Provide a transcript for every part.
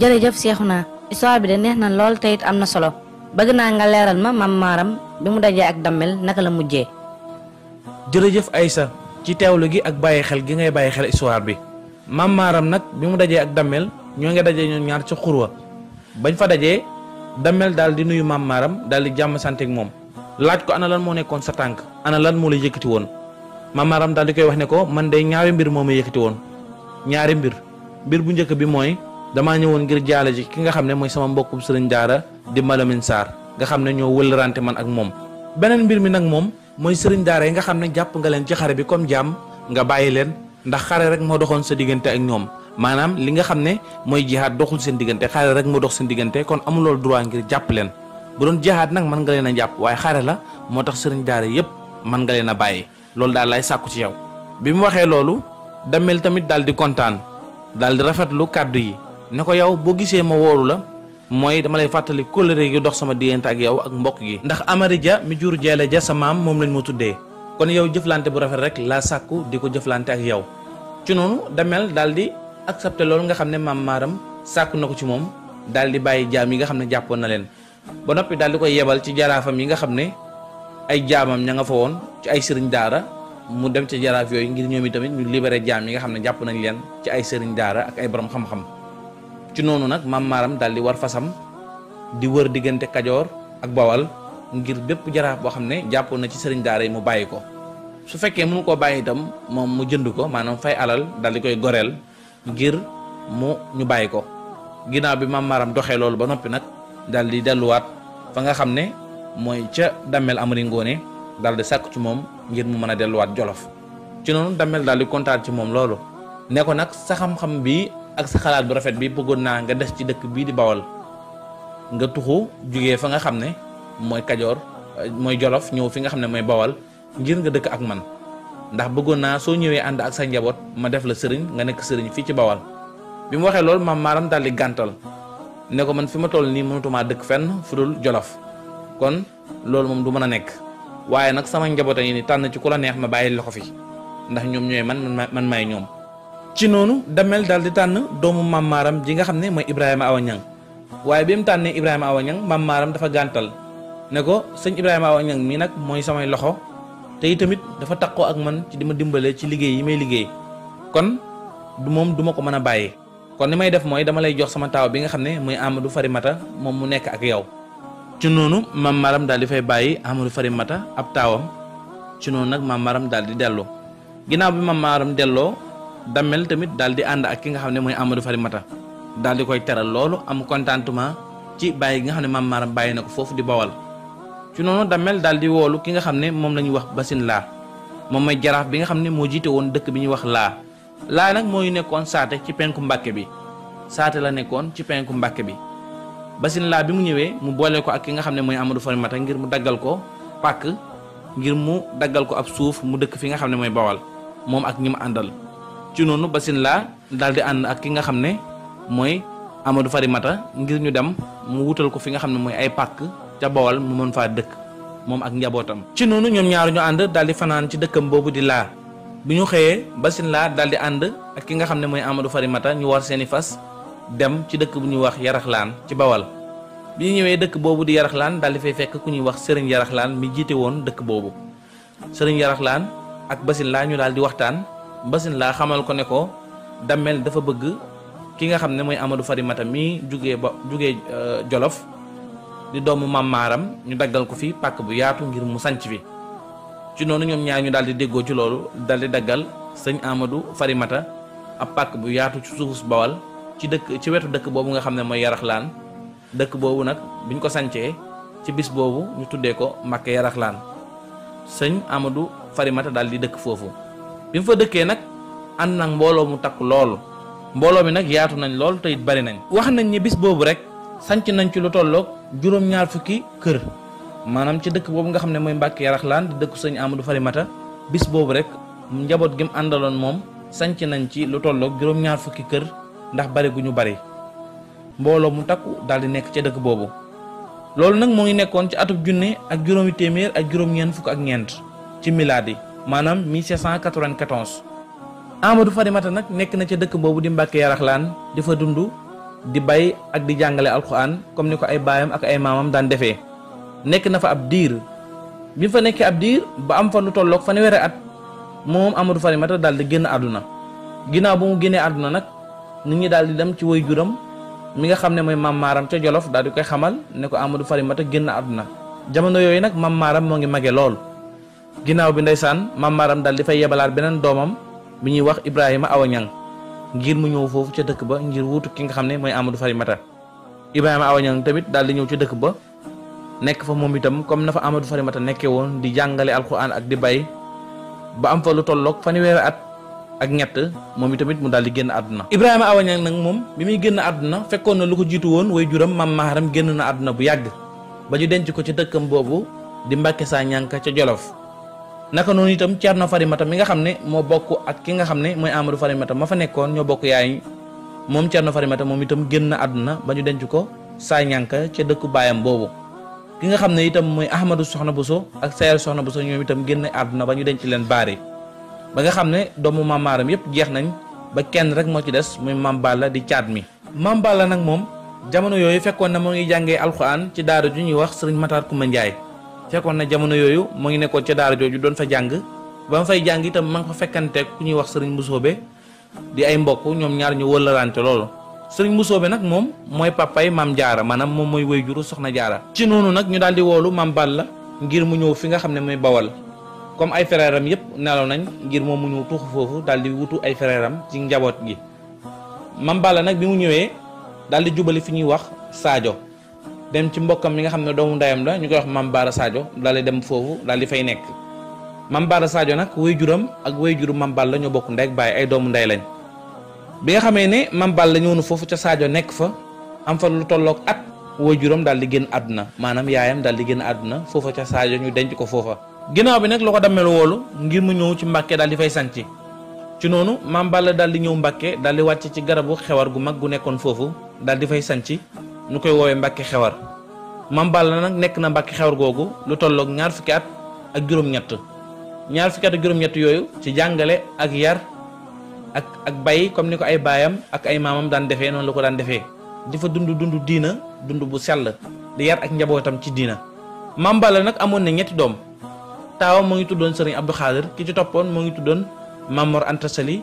jërëjëf Seexuna histoire bi de neex na lool teyit am na solo bëgg naa nga leeral ma mam maaram bi mu dajee ak dammeel naka la mujjee. jërëjëf Aysa ci teewlu gi ak bàyyi xel gi ngay bàyyi xel histoire bi mam maaram nag bi mu dajee ak dammeel ñoo ngi dajee ñoom ñaar ci xurwa bañ fa dajee dammeel daal di nuyu mam maaram daal di jàmm santeek moom laaj ko ana lan moo nekkoon sa tànk ana lan moo la yëkkati woon mam maaram daal di koy wax ne ko man de ñaari mbir moo ma yëkkati woon ñaari mbir mbir bu njëkk bi mooy. damaa ñëwoon ngir jaale ji ki nga xam ne mooy sama mbokkum sëriñ daara di Malamine saar nga xam ne ñoo wëlërante man ak moom beneen mbir mi nag moom mooy sëriñ daara yi nga xam ne jàpp nga leen ci xare bi comme jàmm nga bàyyi leen ndax xare rek moo doxoon sa diggante ak ñoom maanaam li nga xam ne mooy jihaad doxul seen diggante xare rek moo dox seen diggante kon amuloo droit ngir jàpp leen bu doon jeexaat nag mën nga leen a jàpp waaye xare la moo tax sëriñ daara yépp mën nga leen a bàyyi loolu daal lay sàkku ci yow bi mu waxee loolu damel tamit daal di kontaan daal di rafetlu kàddu yi ni ko yow boo gisee ma wóolu la mooy dama lay fàttali kóllëre yu dox sama diggante ak yow ak mbokk gi ndax Amari Ja mi jur Jeele Ja sa maam moom lañ ma tuddee kon yow jëflante bu rafet rek laa sàkku di ko jëflante ak yow ci noonu Damel daal di accepté loolu nga xam ne maam Maaram sàkku na ko ci moom daal di bàyyi jaam yi nga xam ne jàppoon na leen ba noppi di koy yebal ci jaraafam yi nga xam ne ay jaamam ña nga fa woon ci ay sëriñ daara mu dem ci jaraaf yooyu ngir ñoom itamit ñu libéré jaam yi nga xam ne jàpp nañ leen ci ay sëriñ daara ay borom xam ci nonu nak mam maram dal di war fasam di wër digënté kadior ak bawal ngir bëpp jara bo xamné ne na ci sëriñ daara yi mu ko su fekkee mënu ko bàyyi tam mom mu jënd ko manam fay alal dal di koy gorel ngir mu ñu bàyyi ko ginnaaw bi mam maram doxé lool ba nopi nak dal di wat fa nga xamné ne ca damel amri ngone dal di sàkk ci mom ngir mu mëna delu wat jolof ci nonu damel dal di kontaan ci mom loolu ne ko nag xam bi ak sa xalaat bu rafet bi bëggoon naa nga des ci dëkk bii di bawal nga tuxu jugee fa nga xam ne mooy kajoor mooy jolof ñëw fi nga xam ne mooy bawal ngir nga dëkk ak man ndax bëggoon naa soo ñëwee ànd ak sa njaboot ma def la sëriñ nga nekk sëriñ fii ci bawal bi mu waxee loolu maam maaram daal di gàntal ne ko man fi ma toll nii mënatumaa dëkk fenn fu dul jolof kon loolu moom du mën a nekk waaye nag sama njabootam yi ni tànn ci ku la neex ma bàyyi loxo fi ndax ñoom ñooy man man maay ñoom ci noonu damel dal di tan doomu mamaram ji nga xamne moy Ibrahima awanyang waye bim bi Ibrahima awanyang mamaram dafa gantal ne ko sëñ Ibrahima awanyang mi nak moy samay loxo te itamit dafa takko ak man ci dima dimbalé ci liggéey yi may liggéey kon du mom duma bayi. ko bayé kon ni may def moy dama lay jox sama taw bi nga xamne moy Amadou Farimata mom mu nek ak yow ci nonu mamaram dal di fay bayyi Amadou Farimata ab tawam ci nonu nak mamaram dal di ginaaw bi mamaram Damel tamit daal di ànd ak ki nga xam ne mooy Amadou Farimata daal di koy teral loolu am contentement ci bàyyi gi nga xam ne maam Maaram bàyyi na ko foofu di bawal ci noonu Damel daal di woolu ki nga xam ne moom la ñuy wax Basin laa moom mooy jaraaf bi nga xam ne moo jiite woon dëkk bi ñuy wax laa laa nag mooy nekkoon saate ci penku mbàkke bi saate la nekkoon ci penku mbàkke bi Basin laa bi mu ñëwee mu boole ko ak ki nga xam ne mooy Amadou Farimata ngir mu daggal ko pàkk ngir mu daggal ko ab suuf mu dëkk fi nga xam ne mooy bawal moom ak ñi mu àndal ci noonu Basinla daal di ànd ak ki nga xam ne mooy amadu fari mata ngir ñu dem mu wutal ko fi nga xam ne mooy ay pàkk ca bawal mu mën faa dëkk moom ak njabootam. ci noonu ñoom ñaaru ñu ànd daal di fanaan ci dëkkam boobu di laa bi ñu xëyee Basinla daal di ànd ak ki nga xam ne mooy amadu fari Farimata ñu war seeni fas dem ci dëkk bu ñuy wax Yaraxlaan ci bawal bi ñu ñëwee dëkk boobu di Yaraxlaan daal di fay fekk ku ñuy wax Serigne Yaraxlaan mi jiite woon dëkk boobu Serigne Yaraxlaan ak Basinla ñu daal di waxtaan. mbasin la xamal ko ne ko damel dafa bëgg ki nga xamne moy amadou farimata mi juggé juggé jollof jolof di doomu maram ñu daggal ko fi pak bu yaatu ngir mu sanc fi ci nonu ñom ñaar ñu di ci lolu daggal señ amadou farimata ap pak bu yaatu ci suufus bawal ci dekk ci wetu dekk bobu nga xamne moy mooy yaraxlaan dëkk boobu nag biñ ko sancé ci bis bobu ñu tuddé ko señ amadou farimata daal di dekk fofu bi mu fa dëkkee nag ànd nag mbooloo mu takk loolu mbooloo bi nag yaatu nañ lool te it bari nañ wax nañ ni bis boobu rek sanc nañ ci lu tolloog juróom-ñaar fukki kër maanaam ci dëkk boobu nga xam ne mooy Mbàkke Yaraxlaan di dëkku sëñ Amadou Farimata bis boobu rek njaboot gi mu àndaloon moom sanc nañ ci lu tolloog juróom fukki kër ndax bari gu ñu bari mbooloo mu takku daal di nekk ca dëkk boobu loolu nag moo ngi nekkoon ci atub junne ak juróomi téeméer ak juróom-ñeent fukk ak ñeent ci milaad yi Manam 1794 Amadou Fadimata nak nek na ci dekk bobu di Mbàkke Yaraxlaan di fa dundu di bay ak di jangale alquran comme niko ay bayam ak ay mamam dan defé nek na fa ab diir bi fa nek ab diir ba am fa lu wéré at mom Amadou Fadimata dal di genn aduna ginnaaw bu mu genné aduna nak nit ñi dal di dem ci woy juram mi nga xamne ne mam maram ci Jolof dal di koy xamal ne ko Amadou Fadimata genn aduna jamono yoy nak mam maram mo ngi mage lool ginnaaw bi ndeysaan maam Maram daal di fay yebalaat beneen doomam bi ñuy wax Ibrahima Awa ngir mu ñëw foofu ca dëkk ba ngir wuutu ki nga xam ne mooy amadu Farimata Ibrahima Awa Ñang tamit daal di ñëw ca dëkk ba nekk fa moom itam comme na fa Amadou Farimata nekkee woon di jàngale alxuraan ak di bay ba am fa lu tolloog fanweeri at ak ñett moom itamit mu daal di génn àdduna Ibrahima Awa nag moom bi muy génn àdduna fekkoon na lu ko jiitu woon way juram maam Maharam génn na bu yàgg ba ñu denc ko ci dëkkam boobu di Mbàkke saa ñànk ca Jolof naka noonu itam Thierno Farimata mi nga xam ne moo bokk ak ki nga xam ne mooy Amadou Farimata moo fa nekkoon ñoo bokk yaay moom Thierno Farimata moom itam génn àdduna ba ñu denc ko saa ñànka ca dëkku baayam boobu ki nga xam ne itam mooy Ahmadou Soxna Bousso ak Sayar Soxna Bousso ñoom itam génn àdduna ba ñu denc leen baari ba nga xam ne doomu maam maaram yëpp jeex nañ ba kenn rek moo ci des muy maam Balla di caat mi maam Balla nag moom jamono yooyu fekkoon na moo ngi jàngee alxuraan ci daara ju ñuy wax sëriñ Matar Kumba Njaay fekkon na jamono yoyu mo ngi nekkon ci daara joju don fa jang ba fay jang itam mang fa fekkante ku ñuy wax serigne musobe di ay mbokk ñom ñaar ñu wëllarante lolu serigne musobe nak mom moy papay mam jaara manam mom moy wayjuru soxna jaara ci nonu nak ñu daldi di mam Balla ngir mu ñew fi nga xamne moy bawal comme ay frère am nalaw nañ ngir mom mu ñu tuxu fofu daldi di wutu ay frère ci njabot gi mam Balla nak bi mu ñewé daldi jubali fi ñuy wax Sadio dem ci mbokkam mi nga xam ne doomu ndeyam la ñu koy wax Mame Bara Sadio di dem foofu daal di fay nekk Mame Bara Sadio nag waajuram ak waajuru Mame Balla ñoo bokk ndey ak baay ay doomu ndey bi nga xamee ne Mame Balla ñëw na foofu ca Sadio nekk fa am fa lu tolloog at waajuram daal di génn àdduna maanaam yaayam daal di génn àdduna foofa ca Sadio ñu denc ko foofa ginnaaw bi nag la ko demee woolu ngir mu ñëw ci Mbàkke daal di fay sànci ci noonu Mame Balla daal di ñëw Mbàkke daal di wàcc ci garabu xewar gu mag gu nekkoon foofu daal di fay sànci ñu koy woowee mbakki xewar Mame nag nekk na mbakki xewar googu lu tollook ñaar fukki at ak juróom-ñett ñaar fukki at ak juróom-ñett yooyu ci jàngale ak yar ak ak bay comme ni ko ay baayam ak ay maamam daan defee noonu la ko daan defee di fa dund dund diina dund bu sell di yar ak njabootam ci diina Mame nag amoon na ñetti doom taawam moo ngi tuddoon Serigne Abdou Khadir ki ci toppoon moo ngi tuddoon Mamor Anta Sali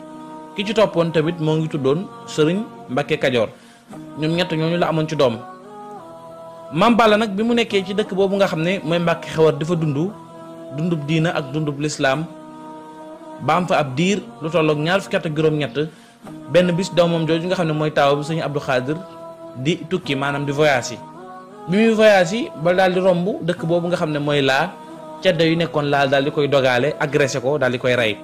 ki ci toppoon tamit moo ngi tuddoon Serigne Mbacké ñoom ñett ñooñu la amoon ci doom maam nag bi mu nekkee ci dëkk boobu nga xam ne mooy Mbàkke Xewar dafa dund dundub diina ak dundub lislaam baam fa ab diir lu tolloog ñaar fukki at ak juróom-ñett benn bis doomam jooju nga xam ne mooy taaw bi sëñ Abdou Khadir di tukki maanaam di voyage yi bi muy voyage yi ba daal di romb dëkk boobu nga xam ne mooy laa cedda yu nekkoon laal daal di koy dogaale agressé ko daal di koy rey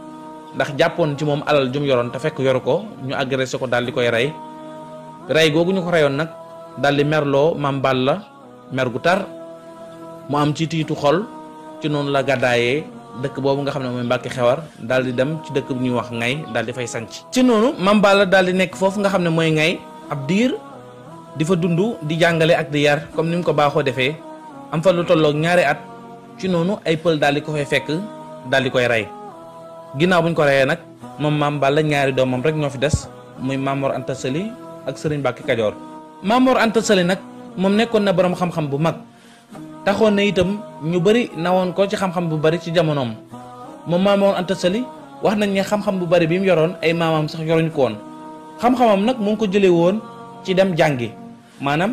ndax jàppoon ci moom alal jum yoroon te fekk yoru ko ñu agressé ko daal di koy rey ray gogu ñu ko nak dal li merlo mam balla mer gu tar mu am ci titu xol ci non la gàddaayee dekk bobu nga xamne moy mooy xewar dal di dem ci dekk bu wax ngay dal di fay sanc ci nonu mam balla dal di nek fofu nga xamne moy ngay ab dir di fa dundu di ak di yar comme nim ko baxo am fa lu tollok ñaari at ci nonu ay peul dal di ko fay fekk dal di koy ray ginaaw buñ ko rayé nak mom mam balla ñaari domam rek ñofi dess muy Mamor Anta ak sëriñ Mbàkke Kajoor Maamoor Anta Sali nag moom nekkoon na boroom xam-xam bu mag taxoon na itam ñu bari nawoon ko ci xam-xam bu bari ci jamonoom moom Maamoor Anta Sali wax nañ ne xam-xam bu bari bi mu yoroon ay maamaam sax yoruñ ko woon xam-xamam nag mu ngi ko jëlee woon ci dem jàngi maanaam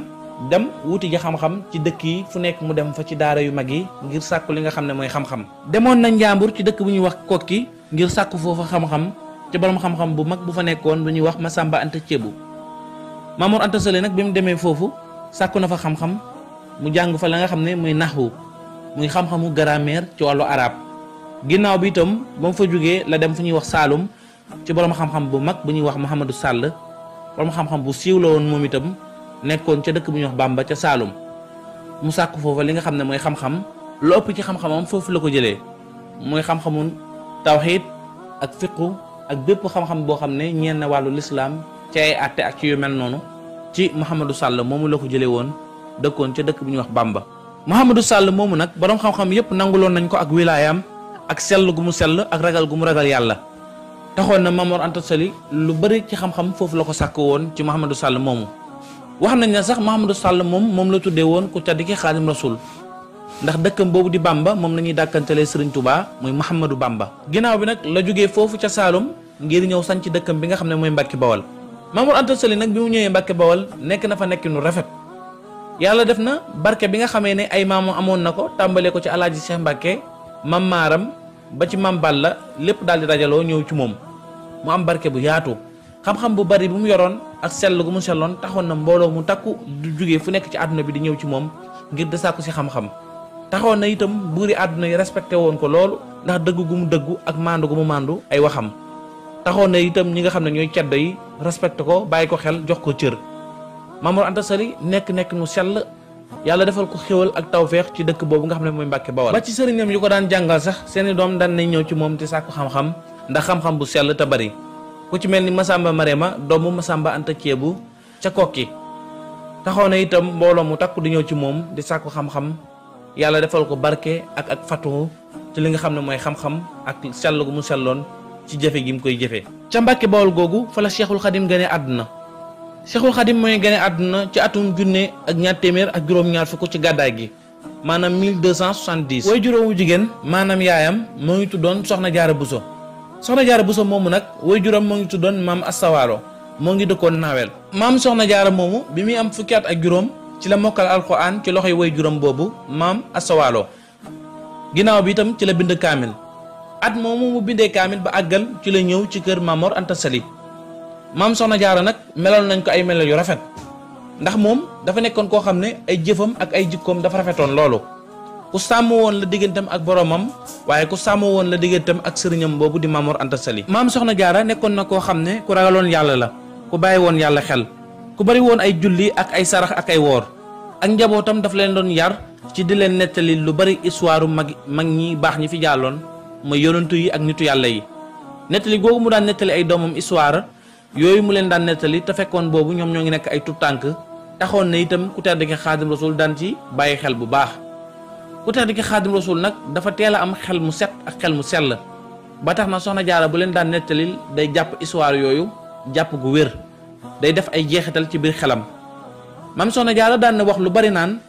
dem wuti ji xam-xam ci dëkk yi fu nekk mu dem fa ci daara yu mag yi ngir sàkku li nga xam ne mooy xam-xam demoon na njaambur ci dëkk bu ñuy wax kokki ngir sàkku foofa xam-xam ci borom xam bu mag bu fa nekkoon bu ñuy wax Masamba Anta Ceebu Mamour Anta nag bi mu demee foofu sàkku na fa xam-xam mu jàng fa la nga xam ne muy naxwu muy xam-xamu grammaire ci wàllu araab ginnaaw bi itam ba mu fa jógee la dem fu ñuy wax Saalum ci borom xam-xam bu mag bu ñuy wax Mouhamadou Sall borom xam-xam bu siiw la woon moom itam nekkoon ca dëkk bu ñuy wax Bamba ca Saalum mu sàkku foofa li nga xam ne mooy xam-xam ci xam foofu la ko jëlee mooy xam-xamu tawxiid ak fiqu ak bépp xam-xam boo xam ne ñeen na wàllu lislaam ci ay atté ak ci yu mel nonu ci mohammedou Sall momu la ko jëlee wax Bamba mohammedou Sall momu nak borom xam-xam yépp nangulon nañ ko ak wilayam ak sel gu mu sel ak ragal gu mu ragal yalla taxon na mamour Anta Sali lu bari ci xam-xam fofu la ko sàkk won ci mohammedou Sall momu wax nañ na sax mohammedou Sall mom mom la tuddé won ku tadd ki khadim Rasul ndax dekkam bobu di Bamba mom lañuy dakantalé Serigne Touba muy mohammedou Bamba ginaaw bi nak la joggé fofu ci salum ngir sañ ci dekkam bi nga xamné moy Bawal Mamour Anta Sali nag bi mu ñëwee Mbàkke Bawol nekk na fa nekk nu rafet yàlla def na barke bi nga xamee ne ay maamu amoon na ko tàmbalee ko ci alaaji Cheikh Mbàkke mam maaram ba ci mam la lépp daal di dajaloo ñëw ci moom mu am barke bu yaatu xam-xam bu bari bi mu yoroon ak sell gu mu selloon taxoon na mbooloo mu takku du jógee fu nekk ci àdduna bi di ñëw ci moom ngir de sàkku si xam-xam taxoon na itam buuri àdduna yi respecté woon ko loolu ndax mu dëggu ak maandu gu mu ay waxam taxoon na itam ñi nga xam ne ñooy ceddo yi respect ko bàyyi ko xel jox ko cieur Mamour Anta Sali nek nek nu sel yalla defal ko xewal ak tawfiq ci dekk bobu nga xamne moy mbacke Bawal. ba ci sëriñam yu ko daan jangal sax seen doom daan nañ ñew ci moom di sàkku xam-xam ndax xam-xam bu sel ta bari ku ci melni Masamba Marema doomu Masamba Anta ciebu ca kokki taxone itam mbolo mu takku di ñew ci mom di sàkku xam-xam yalla defal ko barke ak ak fatu ci li nga xamne moy xam-xam ak sel gu mu selon ci jafé gi mu koy jafé ca Mbàkke Bawol googu fa la Cheikhul Khadim gane àdduna Cheikhul Khadim mooy gane àdduna ci atum junne ak ñaar téeméer ak juróom-ñaar fukk ci gàddaay gi maanaam 1270. way juróomu jigéen maanaam yaayam moo ngi doon Soxna Jaara Buso Soxna Jaara Buso moomu nag way juróom moo ngi doon maam Astawaalo moo ngi dëkkoon Naawel maam Soxna Jaara moomu bi muy am fukki at ak juróom ci la mokkal alxuraan ci loxo loxoy woy juróom boobu maam Astawaalo ginnaaw bi itam ci la bind kaamil at moomu mu bindee kaamil ba àggal ci la ñëw ci kër Mamor Anta Sali maam Soxna Jaara nag meloon nañ ko ay melal yu rafet ndax moom dafa nekkoon koo xam ne ay jëfam ak ay jikkoom dafa rafetoon loolu ku sàmm woon la digganteem ak boromam waaye ku sàmm woon la digganteem ak sëriñam boobu di Mamor Anta Sali maam Soxna Jaara nekkoon na koo xam ne ku ragaloon yàlla la ku bàyyi woon yàlla xel ku bari woon ay julli ak ay sarax ak ay woor ak njabootam daf leen doon yar ci di leen nettali lu bari histoire mag mag ñi baax ñi fi jàlloon mooy yonantu yi ak nitu yàlla yi nettali googu mu daan nettali ay doomam histoire yooyu mu leen daan nettali te fekkoon boobu ñoom ñoo ngi nekk ay tuttànk taxoon na itam ku tedd ki xaadim rasul daan ci bàyyi xel bu baax ku tedd ki xaadim rasul nag dafa teel am xel mu set ak xel mu la ba tax na soxna jaara bu leen daan nettalil day jàpp histoire yooyu jàpp gu wér day def ay jeexital ci biir xelam mam soxna jaara daan na wax lu bari naan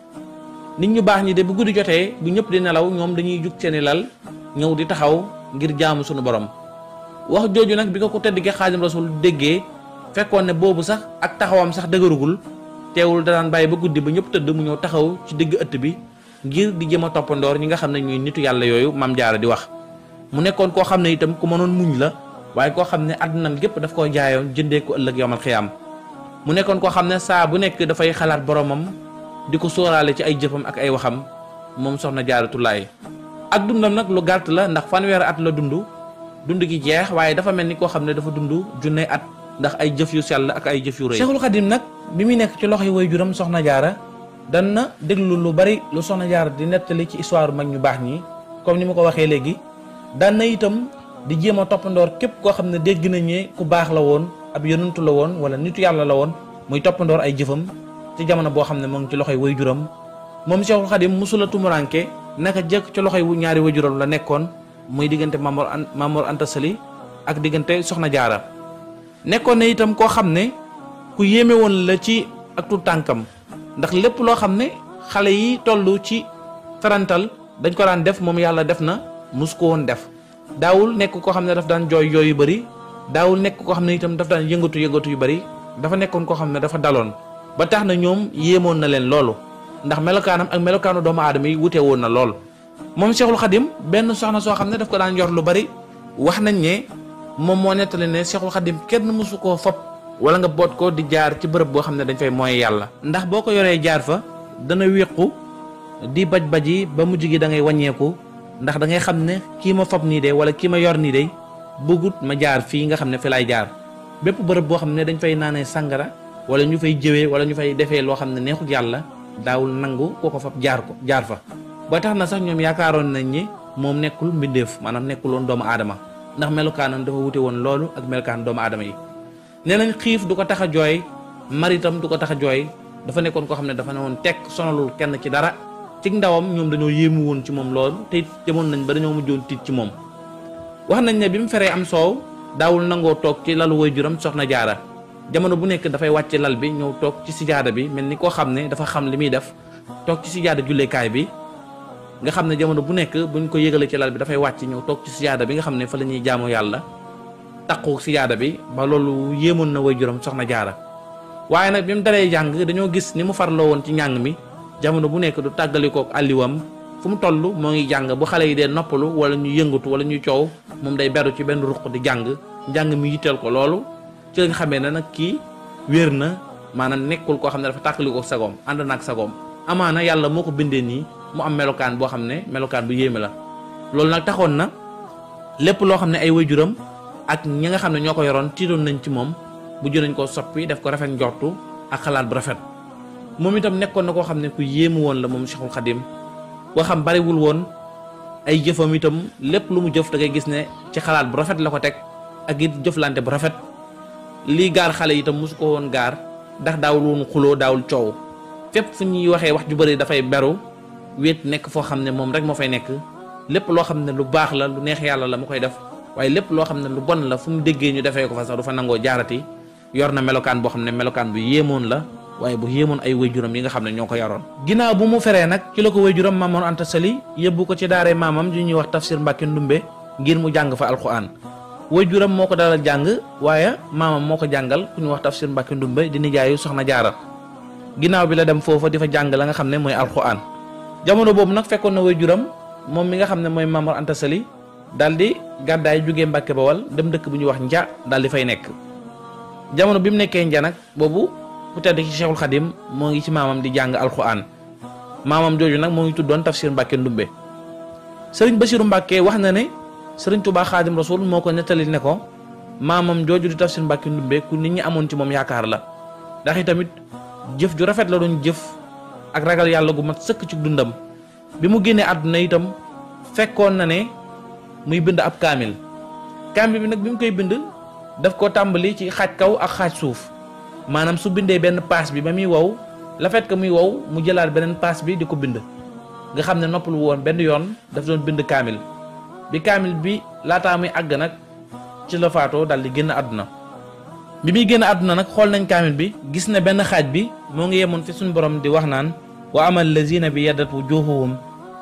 nit ñu baax ñi de bu guddi jotee bu ñëpp di nelaw ñoom dañuy ñëw di taxaw ngir jaamu sunu borom wax jooju nag bi ko ko tedd ki xaadim rasul déggee fekkoon ne boobu sax ak taxawam sax dëgërugul teewul danaan bàyyi ba guddi ba ñëpp tëdd mu ñëw taxaw ci diggu ëtt bi ngir di jëm a toppandoor ñi nga xam ne ñuy nitu yàlla yooyu maam jaara di wax mu nekkoon koo xam ne itam ku mënoon muñ la waaye koo xam ne àddunam gépp daf koo jaayoon jëndee ko ëllëg yomal xiyaam mu nekkoon koo xam ne saa bu nekk dafay xalaat boromam di ko sóoraale ci ay jëfam ak ay waxam moom soxna jaaratullaay ak dundam nak lu gatt la ndax fanweeri at la dundu dundu gi jeex waye dafa melni ko xamne dafa dundu junne at ndax ay jëf yu sel ak ay jëf yu reey Cheikhul Khadim nak bi muy ci loxo way juram soxna jaara dan na deglu lu bari lu soxna jaar di netali ci histoire mag ñu bax ni comme ni ma ko waxe legi dan na itam di jema top ndor kep ko xamne degg na ñe ku bax la won ab yonentu la won wala nitu yalla la won muy ndor ay jëfam ci jamono bo xamne mo ngi ci loxoy juram mom Cheikhul Khadim musulatu muranke naka jëkk ci loxo loxoy ñaari wajuram la nekkoon muy diggante Mamor Mamor Anta Sali ak diggante Soxna Jaara nekkoon na itam koo xam ne ku yéeme woon la ci ak tu tànkam ndax lépp loo xam ne xale yi tollu ci tarantal dañ ko daan def moom yàlla def na mus ko woon def daawul nekk koo xam ne daf daan jooy jooy yu bëri daawul nekk koo xam ne itam daf daan yëngatu yëngatu yu bëri dafa nekkoon koo xam ne dafa daloon ba tax na ñoom yéemoon na leen loolu ndax melokaanam ak melokaanu doomu aadama yi wute woon na lool moom Cheikhul Khadim benn soxna soo xam ne daf ko daan yor lu bari wax nañ ne moom moo nettali ne Cheikhul Khadim kenn mësu koo fob wala nga boot ko di jaar ci bërëb boo xam ne dañ fay mooy yàlla ndax boo ko yoree jaar fa dana wéqu di baj baji ba mujj gi da ngay wàññeeku ndax da xam ne kii ma fob nii de wala kii ma yor nii de bëggut ma jaar fii nga xam ne fi laay jaar bépp bërëb boo xam ne dañ fay naanee sàngara wala ñu fay jëwee wala ñu fay defee loo xam ne neexut yàlla daawul nangu ko ko fab jaar ko jaar fa ba tax na sax ñoom yaakaaroon nañ ni moom nekkul mbindeef maanaam nekkuloon doomu aadama ndax melukaanam dafa wute woon loolu ak melokaan doomu aadama yi nee nañ xiif du ko tax a jooy maritam du ko tax a jooy dafa nekkoon koo xam ne dafa ne woon tekk sonalul kenn ci dara ci ndawam ñoom dañoo yéemu woon ci moom loolu te it nañ ba dañoo mujjoon tiit ci moom wax nañ ne bi mu feree am soow daawul nangoo toog ci lalu waajuram soxna jaara jamono bu da fay wacce lal bi ñew tok ci sijaada bi melni ko xamne xam ne dafa xam limi def tok ci sijaada kay bi nga xamne jamono bu nek buñ ko yegale ci lal bi fay wacce ñew tok ci sijaada bi nga xamne fa lañuy ñuy jaamu yàlla taqu sijaada bi ba lolu yemon na way juram soxna jaara waye nak bimu dalay jang dañu gis ni mu farlo won ci ñang mi jamono bu nek du tàggalikook àlliwam fu mu tollu mo ngi jang bu xalé yi de noppalu wala ñu yëngatu wala ñu ciow moom day beru ci ben ruq di jang jang mi yitteel ko lolu ci la nga xamee ne nag kii wér na maanaam nekkul koo xam ne dafa tàqali ko sagoom ànd naag sagoom amaana yàlla moo ko bindee nii mu am melokaan boo xam ne melokaan bu yéeme la loolu nag taxoon na lépp loo xam ne ay waajuram ak ñi nga xam ne ñoo ko yoroon tiitoon nañ ci moom mujj nañ koo soppi def ko rafet njortu ak xalaat bu rafet moom itam nekkoon na koo xam ne ku yéemu woon la moom Cheikhul Khadim xam bariwul woon ay jëfam itam lépp lu mu jëf da gis ne ci xalaat bu rafet la ko teg ak it jëflante bu rafet lii gaar xale itam su ko woon gaar ndax daawul woon xuloo daawul coow fépp fu ñuy waxee wax ju bëri dafay beru wéet nekk foo xam ne moom rek moo fay nekk lépp loo xam ne lu baax la lu neex yàlla la mu koy def waaye lépp loo xam ne lu bon la fu mu déggee ñu defee ko fa sax nangoo jaarati yor na melokaan boo xam ne melokaan bu yéemoon la waaye bu yéemoon ay wayjuram yi nga xam ne ñoo ko yaroon ginnaaw bu mu feree nag ci la ko wayjuram Maam Mor Anta Sali yóbbu ko ci daaree maamam ju ñuy wax tafsir Mbàkke Ndumbe ngir mu jàng fa alquran wayjuram moko dalal jang waya mama moko jangal jàngal ku ñu wax tafsir mbake ndumbe di nijaayu soxna jaara ginaaw bi la dem fofu di fa la nga xamne moy alquran jamono bobu nak fekkon na wayjuram mom mi nga xamne moy mamour Mamor daldi Sali daal mbake Bawal dem dekk bu ñuy wax Nja daldi fay nek jamono bi nekké Nja nak bobu ku tedd ci Cheikhul Khadim mo ngi ci mamam di jang alquran mamam joju nak mo ngi tuddoon tafsir mbake Ndumbe serigne Basiru mbake wax na ne sëriñ Tuubaa xaadim rasul moo ko nettali ne ko maamam jooju di Tafsir Mbàkke Ndumbe ku nit ñi amoon ci moom yaakaar la ndax tamit jëf ju rafet la doon jëf ak ragal yàlla gu mat sëkk ci dundam bi mu génnee àdduna itam fekkoon na ne muy bind ab kaamil kaamil bi nag bi mu koy bind daf ko tàmbali ci xaaj kaw ak xaaj suuf maanaam su bindee benn paas bi ba muy wow la fait que muy wow mu jëlaat beneen paas bi di ko bind nga xam ne noppalu woon benn yoon daf bind kaamil bi kaamil bi laataa muy àgg nag ci la faatoo di génn àdduna bi muy génn àdduna nag xool nañ kaamil bi gis na benn xaaj bi moo ngi yemoon fi suñu borom di wax naan wa amal lazina bi yaddat wujuhuhum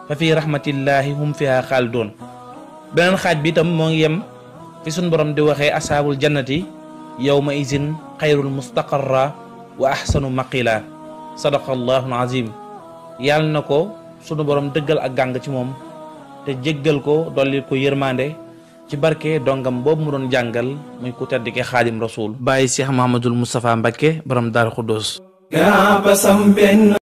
fa fi rahmatillahi hum fiha xaalidoon beneen xaaj bi itam moo ngi yem fi suñu borom di waxee asaabul jannati yawma izin xayrul mustaqarra wa ahsanu maqila sadaqa allahu azim yàlla na ko sunu borom dëggal ak gàng ci moom te jeggal ko dolli ko yërmande ci barke dongam boobu mu doon jàngal muy ku tedd ki xaadim rasul bàyyi Cheikh Mahamadul Moustapha Mbacké borom Daaru Xuddoos